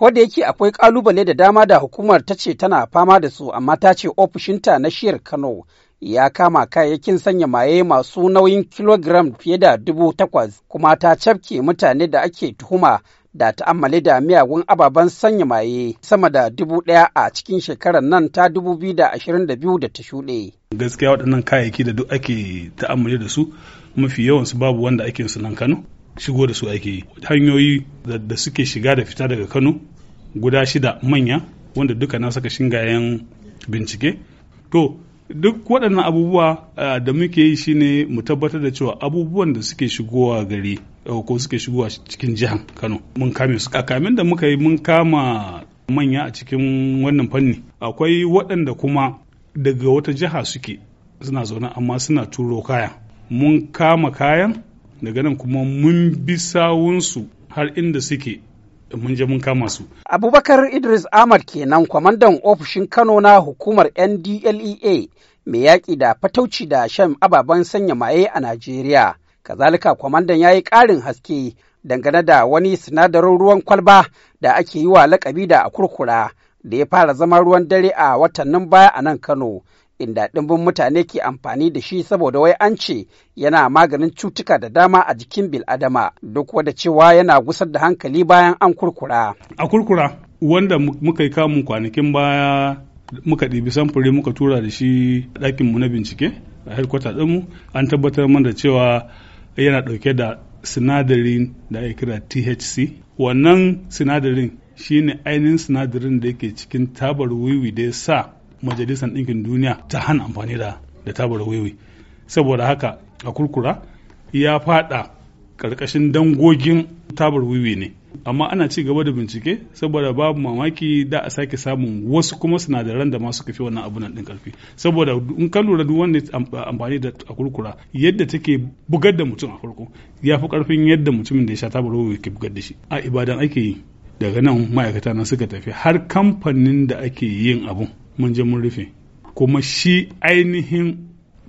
Ko da yake akwai kalubale da dama da hukumar ta ce tana fama da su amma ta ce ofishinta na shiyar Kano ya kama kayayyakin sanya maye masu nauyin kilogram fiye da dubu takwas kuma ta cafke mutane da ake tuhuma da ta'ammali da miyagun ababen sanya maye sama da dubu ɗaya a cikin shekarar nan ta dubu biyu da ashirin da biyu da ta shuɗe. Gaskiya waɗannan kayayyaki da duk ake ta'ammali da su mafi yawansu babu wanda ake su nan Kano. Shigo da su ake Hanyoyi da suke shiga da fita daga Kano guda shida manya wanda duka na saka shingayen bincike to duk waɗannan abubuwa da muke yi shine mu tabbatar da cewa abubuwan da suke shigowa gari eh, ko suke shigowa cikin jihar kano mun kame su kakamin da muka yi mun kama manya a cikin wannan fanni akwai waɗanda kuma daga wata jiha suke suna zaune amma suna turo kaya mun kama kayan daga nan kuma mun bi sawunsu har inda suke mun je mun kama su. Abubakar Idris Ahmad kenan kwamandan ofishin Kano na hukumar NDLEA mai yaƙi da fatauci da shan ababen sanya maye a Najeriya. Kazalika kwamandan ya yi ƙarin haske dangane da wani sinadarin ruwan kwalba da ake yi wa lakabi da a kurkura da ya fara zama ruwan dare a watannin baya a nan Kano inda ɗimbin mutane ke amfani da shi saboda wai an ce yana maganin cutuka da dama a jikin bil'adama duk wada cewa yana gusar da hankali bayan an kurkura. A kurkura wanda muka yi kamun kwanakin baya muka ɗibi samfuri muka tura da shi ɗakinmu na bincike a headquarter ɗinmu an tabbatar mana da cewa yana ɗauke da sinadarin da ake kira THC wannan sinadarin shine ainihin sinadarin da yake cikin tabar wiwi da ya sa majalisar ɗinkin duniya ta hana amfani da da tabar wiwi saboda haka a kurkura ya fada ƙarƙashin dangogin tabar wiwi ne amma ana ci gaba da bincike saboda babu mamaki da a sake samun wasu kuma sinadaran da masu kafi wannan abu nan din karfi saboda in ka lura duk wanda amfani da a kurkura yadda take bugar da mutum a farko ya fi karfin yadda mutumin da ya sha tabar wiwi ke bugar da shi a ibadan ake yi daga nan ma'aikata na suka tafi har kamfanin da ake yin abun mun je mun rufe kuma shi ainihin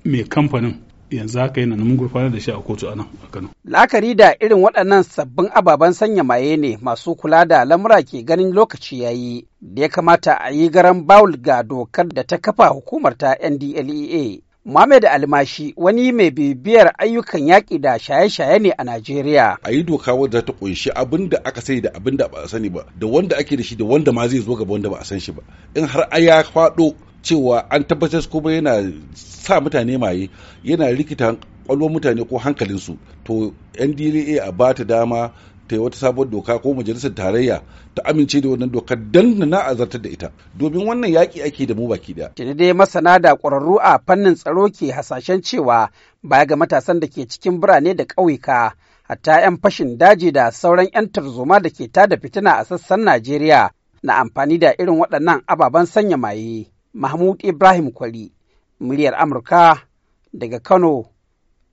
mai kamfanin yanzu haka yana mun gurfanar da shi a kotu a nan a Kano. La'akari da irin waɗannan sabbin ababen sanya maye ne masu kula da lamura ke ganin lokaci ya yi da ya kamata a yi garan bawul ga dokar da ta kafa hukumar ta NDLEA. Mohamed Almashi wani mai bibiyar ayyukan yaƙi da shaye-shaye ne a Najeriya. A yi doka wadda ta ƙunshi abin da aka sani da abin da ba a sani ba, da wanda ake da shi da wanda ma zai zo gaba wanda ba a san shi ba. In har a ya faɗo cewa an tabbatar kuma yana sa mutane maye, yana rikita ƙwalwar mutane ko hankalinsu, to NDLA a ba ta dama ta yi wata sabuwar doka ko majalisar tarayya ta amince da wannan dokar dan na azartar da ita domin wannan yaƙi ake da mu baki daya. Tuni dai masana da ƙwararru a fannin tsaro ke hasashen cewa baya ga matasan da ke cikin birane da ƙauyuka hatta 'yan fashin daji da sauran 'yan tarzoma da ke tada fitina a sassan Najeriya na amfani da irin waɗannan ababen sanya maye. Mahmud Ibrahim Kwari, muryar Amurka daga Kano,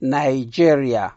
Nigeria.